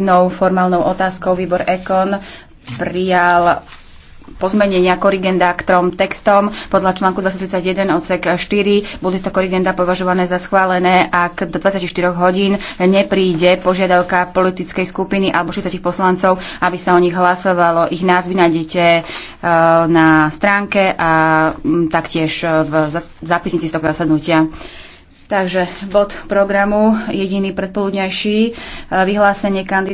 Jednou formálnou otázkou výbor EKON prijal pozmenenia korigenda k trom textom. Podľa článku 231 odsek 4 budú to korigenda považované za schválené, ak do 24 hodín nepríde požiadavka politickej skupiny alebo 40 poslancov, aby sa o nich hlasovalo. Ich názvy nájdete e, na stránke a taktiež v zápisnici z toho zasadnutia. Takže bod programu, jediný predpoludňajší, e, vyhlásenie kandidátov.